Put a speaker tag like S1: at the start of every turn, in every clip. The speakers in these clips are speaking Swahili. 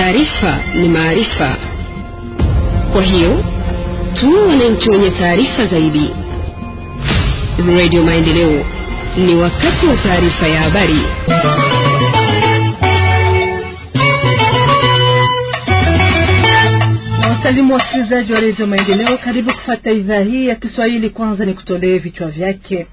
S1: taarifa
S2: ni maarifa. Kwa hiyo tu wananchi wenye taarifa
S1: zaidi. Radio Maendeleo, ni wakati wa taarifa ya habari.
S2: Wasalimu wasikilizaji wa redio Maendeleo, karibu kufata idhaa hii ya Kiswahili. Kwanza ni kutolee vichwa vyake.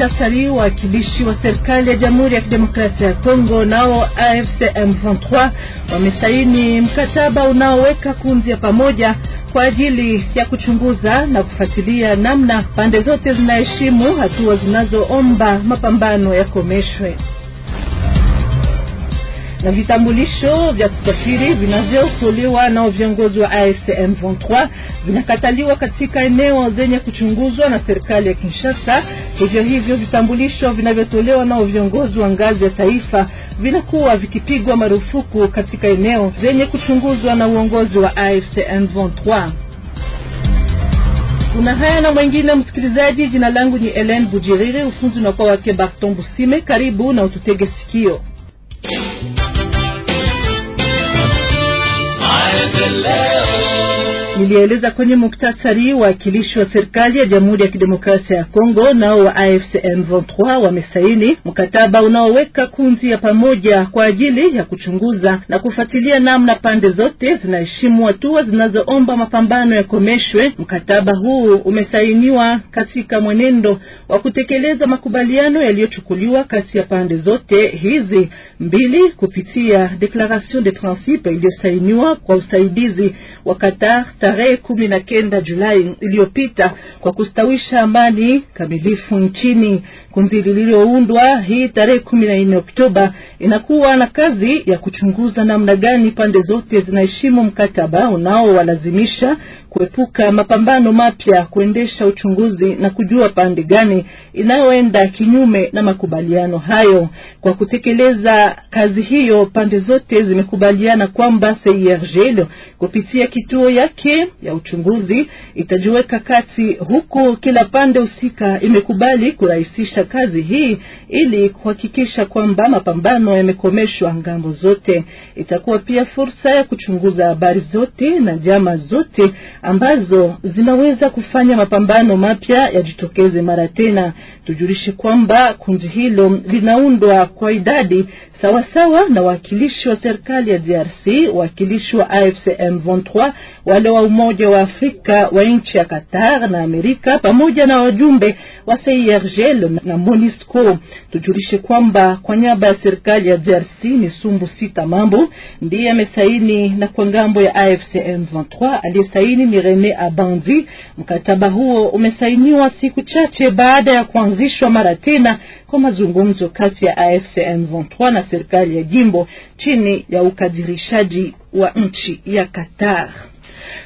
S2: wa wawakilishi wa serikali ya Jamhuri ya Kidemokrasia ya Kongo nao AFC M23 wamesaini mkataba unaoweka kunzi ya pamoja kwa ajili ya kuchunguza na kufuatilia namna pande zote zinaheshimu hatua zinazoomba mapambano yakomeshwe na vitambulisho vya kusafiri vinavyotolewa nao viongozi wa AFCM 23 vinakataliwa katika eneo zenye kuchunguzwa na serikali ya Kinshasa. Hivyo hivyo vitambulisho vinavyotolewa nao viongozi wa ngazi ya taifa vinakuwa vikipigwa marufuku katika eneo zenye kuchunguzwa na uongozi wa AFCM 23. Kuna haya na mwengine msikilizaji, jina langu ni Ellen Bujiriri, ufunzi unakuwa wake Barton Busime. Karibu na ututege sikio. Haydi Leo. alieleza kwenye muktasari waakilishi wa serikali ya Jamhuri ya Kidemokrasia ya Kongo nao wa AFC M23 wamesaini mkataba unaoweka kunzi ya pamoja kwa ajili ya kuchunguza na kufuatilia namna pande zote zinaheshimu hatua zinazoomba mapambano yakomeshwe. Mkataba huu umesainiwa katika mwenendo wa kutekeleza makubaliano yaliyochukuliwa kati ya pande zote hizi mbili kupitia declaration de principe iliyosainiwa kwa usaidizi wa Qatar tarehe tarehe kumi na kenda Julai iliyopita kwa kustawisha amani kamilifu nchini. Kundi lililoundwa hii tarehe kumi na nne Oktoba inakuwa na kazi ya kuchunguza namna gani pande zote zinaheshimu mkataba unaowalazimisha kuepuka mapambano mapya, kuendesha uchunguzi na kujua pande gani inayoenda kinyume na makubaliano hayo. Kwa kutekeleza kazi hiyo, pande zote zimekubaliana kwamba CIRGL kupitia kituo yake ya uchunguzi itajiweka kati, huku kila pande husika imekubali kurahisisha kazi hii ili kuhakikisha kwamba mapambano yamekomeshwa ngambo zote. Itakuwa pia fursa ya kuchunguza habari zote na jama zote ambazo zinaweza kufanya mapambano mapya yajitokeze mara tena. Tujulishe kwamba kundi hilo linaundwa kwa idadi sawasawa na wawakilishi wa serikali ya DRC, wawakilishi wa AFC M23, wale wa Umoja wa Afrika wa nchi ya Qatar na Amerika, pamoja na wajumbe wa CIRGL na MONUSCO. Tujulishe kwamba kwa niaba ya serikali ya DRC ni Sumbu Sita Mambo ndiye amesaini na kwa ngambo ya AFC M23 aliyesaini rene Abandi. Mkataba huo umesainiwa siku chache baada ya kuanzishwa mara tena kwa mazungumzo kati ya AFC M23 na serikali ya jimbo chini ya ukadirishaji wa nchi ya Qatar.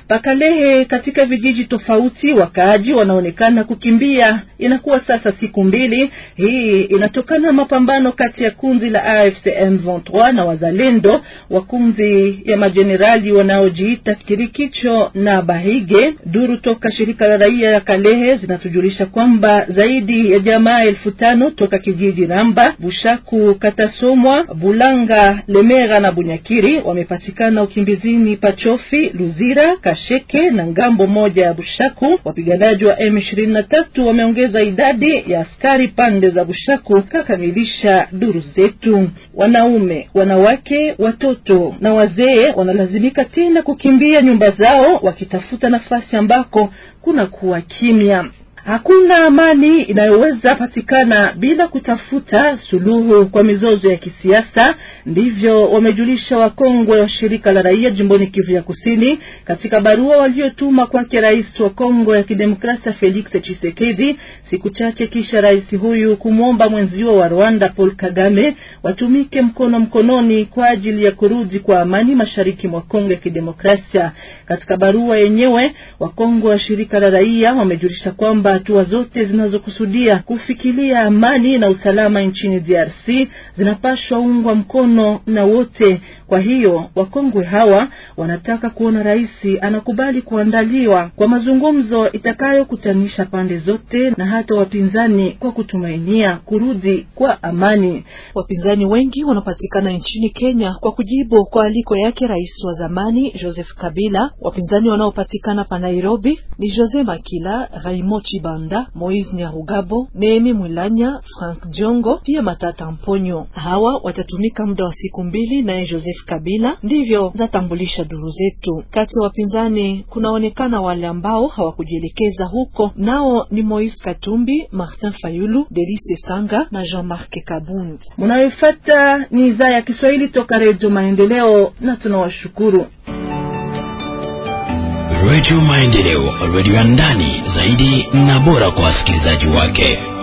S2: Pakalehe katika vijiji tofauti wakaaji wanaonekana kukimbia, inakuwa sasa siku mbili. Hii inatokana mapambano kati ya kunzi la AFC M23 na wazalendo wa kunzi ya majenerali wanaojiita Kirikicho na Bahige. Duru toka shirika la raia ya Kalehe zinatujulisha kwamba zaidi ya jamaa elfu tano toka kijiji Ramba, Bushaku, Katasomwa, Bulanga, Lemera na Bunyakiri wamepatikana ukimbizini Pachofi, Luzira Kasheke na ngambo moja ya Bushaku. Wapiganaji wa M23 wameongeza idadi ya askari pande za Bushaku, kakamilisha duru zetu. Wanaume, wanawake, watoto na wazee wanalazimika tena kukimbia nyumba zao wakitafuta nafasi ambako kuna kuwa kimya. Hakuna amani inayoweza patikana bila kutafuta suluhu kwa mizozo ya kisiasa. Ndivyo wamejulisha wakongwe wa shirika la raia jimboni Kivu ya Kusini katika barua waliotuma kwake rais wa Kongo ya Kidemokrasia Felix Tshisekedi, siku chache kisha rais huyu kumwomba mwenziwa wa Rwanda Paul Kagame watumike mkono mkononi kwa ajili ya kurudi kwa amani mashariki mwa Kongo ya Kidemokrasia. Katika barua yenyewe wakongwe wa shirika la raia wamejulisha kwamba hatua zote zinazokusudia kufikilia amani na usalama nchini DRC zinapaswa ungwa mkono na wote kwa hiyo wakongwe hawa wanataka kuona rais anakubali kuandaliwa kwa mazungumzo itakayokutanisha pande zote na hata wapinzani kwa kutumainia kurudi kwa amani. Wapinzani wengi wanapatikana nchini Kenya kwa
S3: kujibu kwa aliko yake rais wa zamani Joseph Kabila. Wapinzani wanaopatikana pa Nairobi ni Jose Makila, Raimo Chibanda, Moise Nyarugabo, Neemi Mwilanya, Frank Jongo pia Matata Mponyo. Hawa watatumika muda wa siku mbili, naye Joseph kikabila, ndivyo zatambulisha duru zetu. Kati ya wapinzani kunaonekana wale ambao hawakujielekeza huko, nao ni Moise Katumbi, Martin Fayulu,
S2: Delice Sanga na Jean-Marc Kabundi. Munayoifata ni idhaa ya Kiswahili toka Redio Maendeleo na tunawashukuru.
S1: Redio
S4: Maendeleo, redio ya ndani zaidi na bora kwa wasikilizaji wake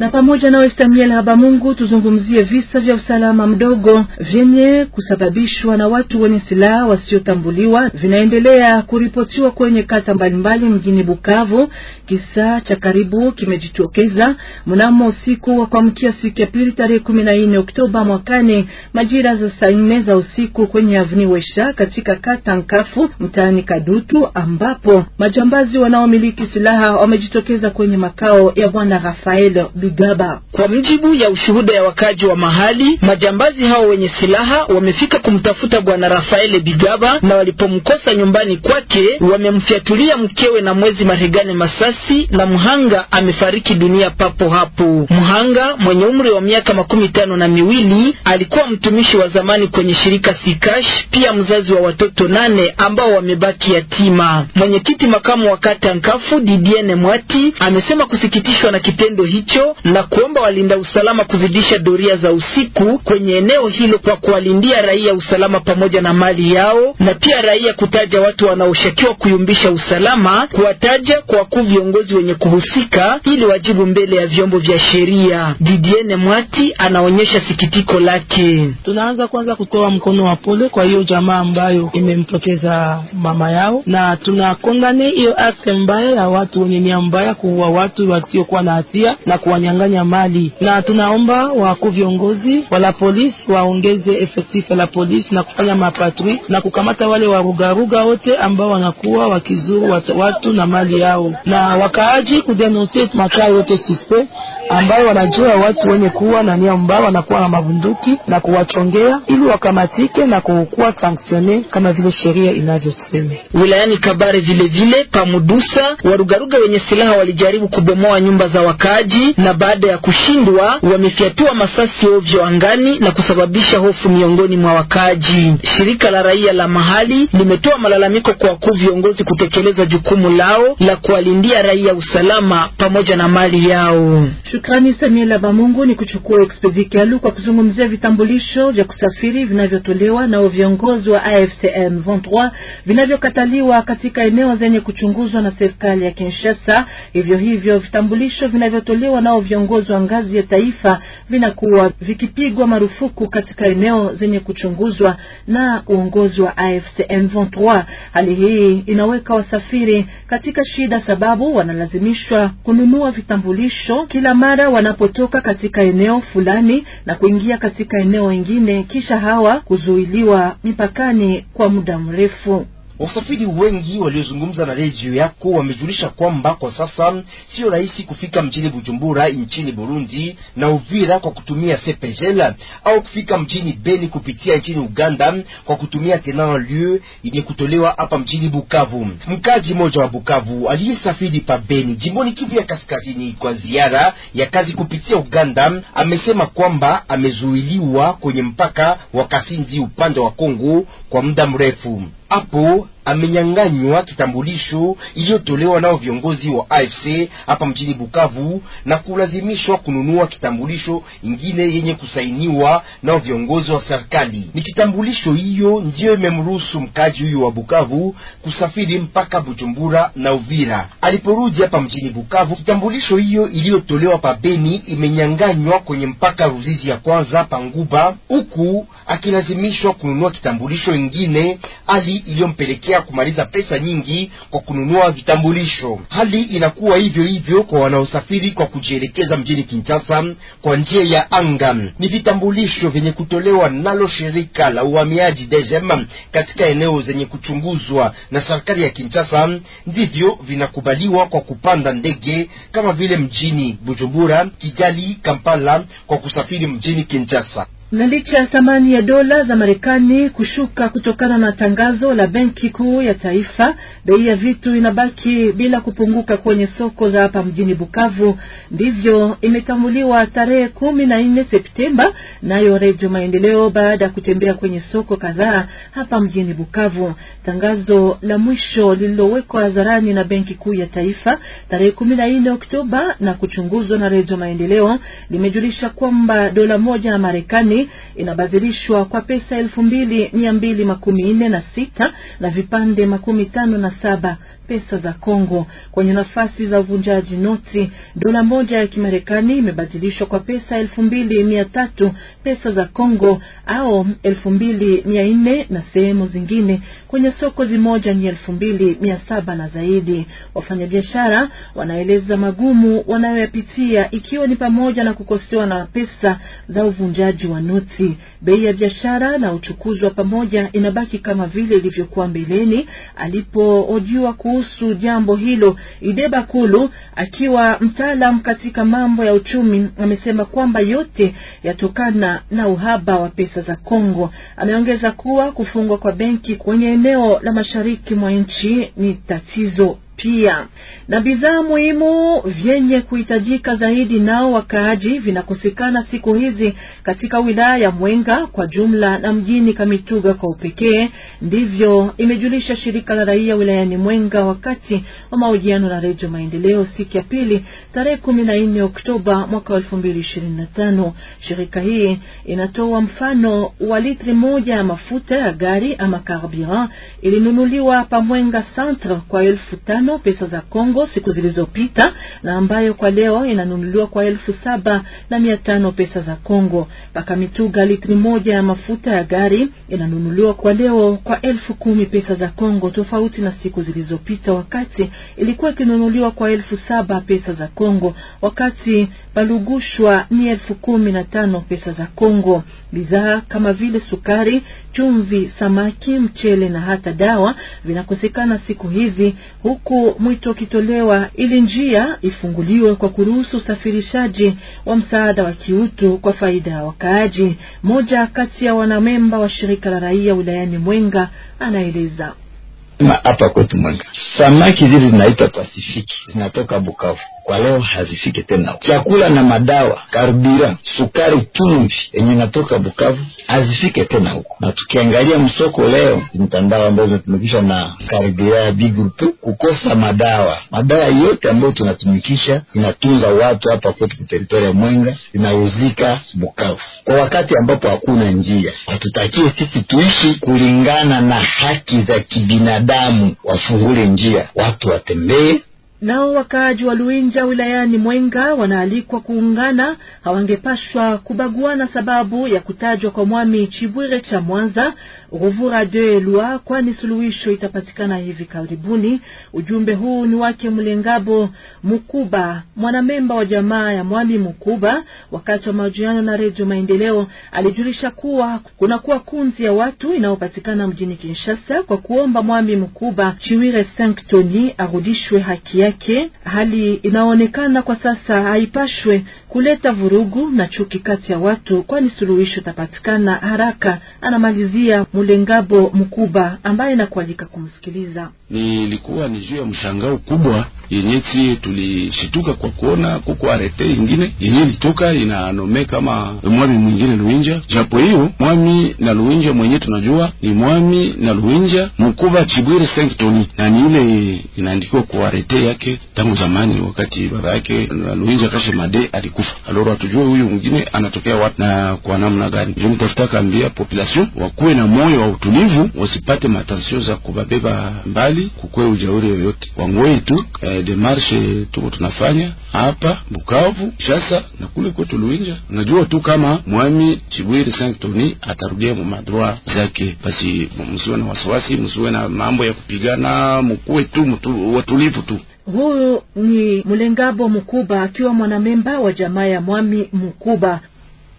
S2: na pamoja nawe Samuel Habamungu, tuzungumzie visa vya usalama mdogo vyenye kusababishwa na watu wenye silaha wasiotambuliwa vinaendelea kuripotiwa kwenye kata mbalimbali mjini Bukavu. Kisa cha karibu kimejitokeza mnamo usiku wa kuamkia siku ya pili tarehe kumi na nne Oktoba mwakani majira za saa nne za usiku kwenye avni Wesha katika kata Nkafu mtaani Kadutu, ambapo majambazi wanaomiliki silaha wamejitokeza kwenye makao ya bwana Rafael Gaba.
S1: Kwa mjibu ya ushuhuda ya wakaji wa mahali, majambazi hao wenye silaha wamefika kumtafuta bwana Rafaele Bigaba na walipomkosa nyumbani kwake wamemfyatulia mkewe na mwezi maregane masasi na mhanga amefariki dunia papo hapo. Mhanga mwenye umri wa miaka makumi tano na miwili alikuwa mtumishi wa zamani kwenye shirika Sikash, pia mzazi wa watoto nane ambao wamebaki yatima. Mwenyekiti makamu wa kata Nkafu Didiene Mwati amesema kusikitishwa na kitendo hicho na kuomba walinda usalama kuzidisha doria za usiku kwenye eneo hilo kwa kuwalindia raia usalama pamoja na mali yao, na pia raia kutaja watu wanaoshakiwa kuyumbisha usalama, kuwataja kwa wakuu viongozi wenye kuhusika ili wajibu mbele ya vyombo vya sheria. Didiene Mwati anaonyesha sikitiko lake. Tunaanza kwanza kutoa mkono wa pole kwa hiyo jamaa ambayo imempoteza mama yao, na tunakondane hiyo akte mbaya ya watu wenye nia mbaya kuua watu wasiokuwa na hatia na kuwa wananyang'anya mali, na tunaomba wakuu viongozi wala polisi waongeze efektifu la polisi na kufanya mapatrui na kukamata wale warugaruga wote ambao wanakuwa wakizuru watu, na mali yao, na wakaaji kudenonsie makaa yote suspe ambayo wanajua watu wenye kuwa na nia mbaya wanakuwa na mabunduki na kuwachongea ili wakamatike na kukuwa sanktione kama vile sheria inavyosema. Wilayani Kabare vilevile pamudusa warugaruga wenye silaha walijaribu kubomoa nyumba za wakaaji na na baada ya kushindwa wamefyatua masasi ovyo angani na kusababisha hofu miongoni mwa wakaaji. Shirika la raia la mahali limetoa malalamiko kwa wakuu viongozi kutekeleza jukumu lao la kuwalindia raia usalama pamoja
S2: na mali yao. Shukrani Samuel Abamungu ni kuchukua Kialu kwa kuzungumzia vitambulisho vya kusafiri vinavyotolewa nao viongozi wa AFCM 23 vinavyokataliwa katika eneo zenye kuchunguzwa na serikali ya Kinshasa. Hivyo hivyo vitambulisho vinavyotolewa nao viongozi wa ngazi ya taifa vinakuwa vikipigwa marufuku katika eneo zenye kuchunguzwa na uongozi wa AFC M23. Hali hii inaweka wasafiri katika shida, sababu wanalazimishwa kununua vitambulisho kila mara wanapotoka katika eneo fulani na kuingia katika
S4: eneo wengine kisha hawa kuzuiliwa mipakani kwa muda mrefu. Wasafiri wengi waliozungumza na redio yako wamejulisha kwamba kwa sasa sio rahisi kufika mjini Bujumbura nchini Burundi na Uvira kwa kutumia Sepejela au kufika mjini Beni kupitia nchini Uganda kwa kutumia lieu yenye kutolewa hapa mjini Bukavu. Mkaji mmoja wa Bukavu aliyesafiri pa Beni jimboni Kivu ya Kaskazini kwa ziara ya kazi kupitia Uganda amesema kwamba amezuiliwa kwenye mpaka wa Kasinzi upande wa Kongo kwa muda mrefu. Abu amenyang'anywa kitambulisho iliyotolewa nao viongozi wa AFC hapa mjini Bukavu na kulazimishwa kununua kitambulisho ingine yenye kusainiwa nao viongozi wa serikali. Ni kitambulisho hiyo ndiyo imemruhusu mkaji huyo wa Bukavu kusafiri mpaka Bujumbura na Uvira. Aliporudi hapa mjini Bukavu, kitambulisho hiyo iliyotolewa pa Beni imenyang'anywa kwenye mpaka Ruzizi ya kwanza panguba, huku akilazimishwa kununua kitambulisho ingine, hali iliyompelekea kuelekea kumaliza pesa nyingi kwa kununua vitambulisho. Hali inakuwa hivyo hivyo kwa wanaosafiri kwa kujielekeza mjini Kinshasa kwa njia ya anga. Ni vitambulisho vyenye kutolewa nalo shirika la uhamiaji DGM katika eneo zenye kuchunguzwa na serikali ya Kinshasa, ndivyo vinakubaliwa kwa kupanda ndege kama vile mjini Bujumbura, Kigali, Kampala kwa kusafiri mjini Kinshasa
S2: na licha ya thamani ya dola za Marekani kushuka kutokana na tangazo la benki kuu ya taifa, bei ya vitu inabaki bila kupunguka kwenye soko za hapa mjini Bukavu. Ndivyo imetambuliwa tarehe kumi na nne Septemba nayo Redio Maendeleo baada ya kutembea kwenye soko kadhaa hapa mjini Bukavu. Tangazo la mwisho lililowekwa hadharani na benki kuu ya taifa tarehe kumi na nne Oktoba na kuchunguzwa na Redio Maendeleo limejulisha kwamba dola moja ya Marekani inabadilishwa kwa pesa elfu mbili mia mbili makumi nne na sita na vipande makumi tano na saba pesa za Kongo. Kwenye nafasi za uvunjaji noti, dola moja ya Kimarekani imebadilishwa kwa pesa elfu mbili mia tatu pesa za Kongo au elfu mbili mia nne na sehemu zingine kwenye soko zimoja ni elfu mbili mia saba na zaidi. Wafanyabiashara wanaeleza magumu wanayoyapitia ikiwa ni pamoja na kukosewa na pesa za uvunjaji wa noti. Bei ya biashara na uchukuzi wa pamoja inabaki kama vile ilivyokuwa mbeleni. Alipoojiwa kuhusu jambo hilo, Ideba Kulu akiwa mtaalam katika mambo ya uchumi amesema kwamba yote yatokana na uhaba wa pesa za Kongo. Ameongeza kuwa kufungwa kwa benki kwenye eneo la mashariki mwa nchi ni tatizo pia na bidhaa muhimu vyenye kuhitajika zaidi nao wakaaji vinakosekana siku hizi katika wilaya ya Mwenga kwa jumla na mjini Kamituga kwa upekee. Ndivyo imejulisha shirika la raia wilayani Mwenga wakati wa mahojiano na Redio Maendeleo siku ya pili tarehe kumi na nne Oktoba mwaka wa elfu mbili ishirini na tano. Shirika hii inatoa mfano wa litri moja ya mafuta ya gari ama carburant ilinunuliwa pa Mwenga centre kwa elfu tano tano pesa za Kongo siku zilizopita na ambayo kwa leo inanunuliwa kwa elfu saba na mia tano pesa za Kongo. Paka Mituga, litri moja ya mafuta ya gari inanunuliwa kwa leo kwa elfu kumi pesa za Kongo, tofauti na siku zilizopita wakati ilikuwa ikinunuliwa kwa elfu saba pesa za Kongo, wakati palugushwa ni elfu kumi na tano pesa za Kongo. Bidhaa kama vile sukari, chumvi, samaki, mchele na hata dawa vinakosekana siku hizi huku huku mwito ukitolewa ili njia ifunguliwe kwa kuruhusu usafirishaji wa msaada wa kiutu kwa faida ya wakaaji. Moja kati ya wanamemba wa shirika la raia wilayani Mwenga anaeleza
S4: hapa kwetu Mwenga, samaki zile zinaitwa Pasifiki zinatoka Bukavu kwa leo hazifike tena. Chakula na madawa, karibira, sukari, chumvi yenye natoka Bukavu hazifike tena huko. Na tukiangalia msoko leo, mtandao ambayo zinatumikishwa na karbira ya bigrupu kukosa madawa, madawa yote ambayo tunatumikisha inatunza watu hapa kwetu kuteritoria ya Mwenga inauzika Bukavu, kwa wakati ambapo hakuna njia. Hatutakie sisi tuishi kulingana na haki za kibinadamu, wafungule njia, watu watembee
S2: Nao wakaaji wa Luinja wilayani Mwenga wanaalikwa kuungana, hawangepashwa kubaguana sababu ya kutajwa kwa Mwami Chibwire cha Mwanza Ruvura de Elua, kwani suluhisho itapatikana hivi karibuni. Ujumbe huu ni wake Mlengabo Mukuba, mwanamemba wa jamaa ya Mwami Mukuba. Wakati wa mahojiano na Redio Maendeleo alijulisha kuwa kunakuwa kunzi ya watu inayopatikana mjini Kinshasa kwa kuomba Mwami Mukuba Chiwire Sanktoni arudishwe haki yake yake, hali inaonekana kwa sasa haipashwe kuleta vurugu na chuki kati ya watu, kwani suluhisho tapatikana haraka. Anamalizia Mulengabo Mkuba ambaye nakualika kumsikiliza.
S4: Nilikuwa ni juu ya mshangao kubwa yenye tulishituka kwa kuona kuko arete ingine yenye litoka inanome kama mwami mwingine Luinja, japo hiyo mwami na Luinja mwenye tunajua ni mwami na Luinja mkuba Chibwire Senktoni, na ni ile inaandikiwa kwa arete yake tangu zamani, wakati baba yake na Luinja Kashe Made alikufa. Aloro hatujue huyu mwingine anatokea wapi na kwa namna gani. Ndio mtafuta kaambia population wakuwe na moyo wa utulivu, wasipate matensio za kubabeba mbali, kukwe ujauri yoyote wangoi tu eh, demarshe tuko tunafanya hapa Bukavu, Shasa na kule kwetu Luinja. Najua tu kama Mwami Chibwire Sanktoni atarudia mu madroa zake, basi msiwe na wasiwasi, msiwe na mambo ya kupigana, mkuwe tu watulivu tu.
S2: Huyu ni Mlengabo Mkuba akiwa mwanamemba wa jamaa ya Mwami Mkuba.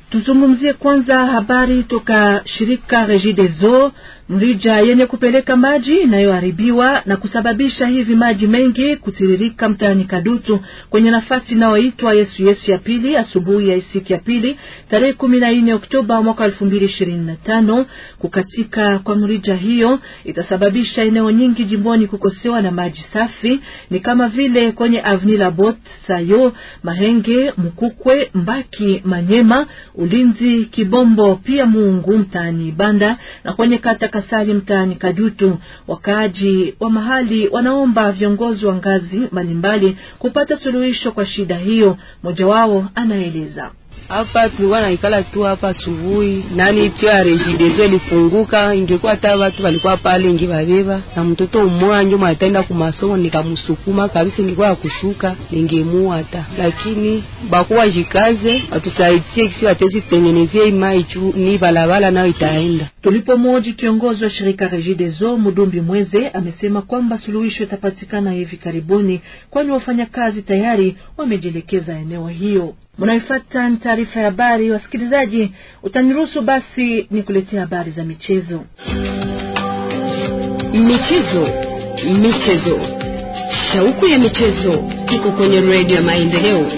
S2: Tuzungumzie kwanza habari toka shirika Regideso mrija yenye kupeleka maji inayoharibiwa na kusababisha hivi maji mengi kutiririka mtaani Kadutu kwenye nafasi inayoitwa Yesu Yesu ya pili, asubuhi ya siku ya pili tarehe kumi na nne Oktoba mwaka elfu mbili ishirini na tano. Kukatika kwa mrija hiyo itasababisha eneo nyingi jimboni kukosewa na maji safi, ni kama vile kwenye avni la Bot Sayo, Mahenge, Mkukwe, Mbaki, Manyema, Ulinzi, Kibombo pia Muungu mtaani Banda na kwenye kata Kasari mtaani Kadutu. Wakaaji wa mahali wanaomba viongozi wa ngazi mbalimbali kupata suluhisho kwa shida hiyo. Mmoja wao anaeleza.
S1: Hapa tulikuwa naikala tu hapa asubuhi, nani tio ya rejidezo ilifunguka, ingekuwa hata watu walikuwa pale ingi babeba na mtoto mmoja njo mwataenda kumasomo, nikamsukuma kabisa, ingekuwa ya kushuka ningemua hata. Lakini bakuwa jikaze, watusaidie kisi watezi tutengenezie imai juu ni
S2: balabala nayo itaenda. tulipo moji. kiongozi wa shirika Rejidezo Mudumbi Mweze amesema kwamba suluhisho itapatikana hivi karibuni, kwani wafanyakazi tayari wamejielekeza eneo hiyo. Mnaifata ni taarifa ya habari. Wasikilizaji, utaniruhusu basi kuletea habari za michezo.
S1: Michezo,
S2: michezo, shauku ya michezo iko kwenye redio ya Maendeleo,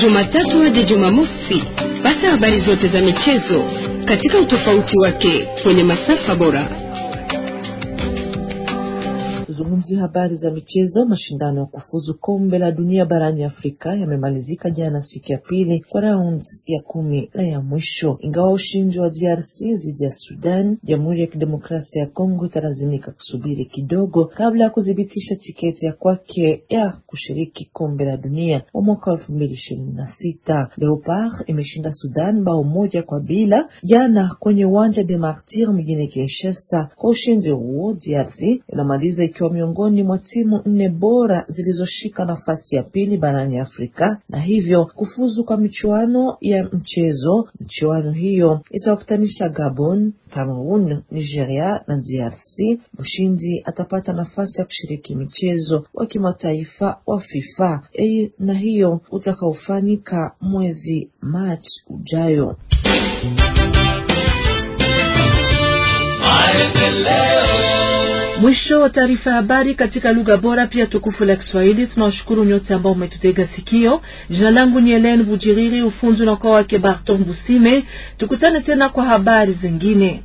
S2: Jumatatu hadi Jumamosi. Pata habari zote za michezo katika
S1: utofauti wake kwenye masafa bora.
S3: Mpenzi, habari za michezo. Mashindano ya kufuzu kombe la dunia barani Afrika yamemalizika jana siku ya pili kwa raundi ya kumi na ya mwisho, ingawa ushindi wa DRC dhidi ya Sudan, Jamhuri ya Kidemokrasia ya Kongo italazimika kusubiri kidogo kabla ya kuthibitisha tiketi ya kwake ya kushiriki kombe la dunia wa mwaka elfu mbili ishirini na sita. Leopard imeshinda Sudan bao moja kwa bila jana kwenye uwanja de Martir mjini Kinshasa. Kwa ushindi huo DRC inamaliza ikiwa miongoni mwa timu nne bora zilizoshika nafasi ya pili barani Afrika na hivyo kufuzu kwa michuano ya mchezo. Michuano hiyo itawakutanisha Gabon, Cameroon, Nigeria na DRC. Mshindi atapata nafasi ya kushiriki mchezo wa kimataifa wa FIFA e, na hiyo utakaofanyika mwezi Machi ujayo. Mwisho wa taarifa ya
S2: habari katika lugha bora pia tukufu la Kiswahili. Tunawashukuru nyote ambao umetutega sikio. Jina langu ni Helen Bujiriri, ufunzi kwa wake Barton Busime. Tukutane tena kwa habari zingine.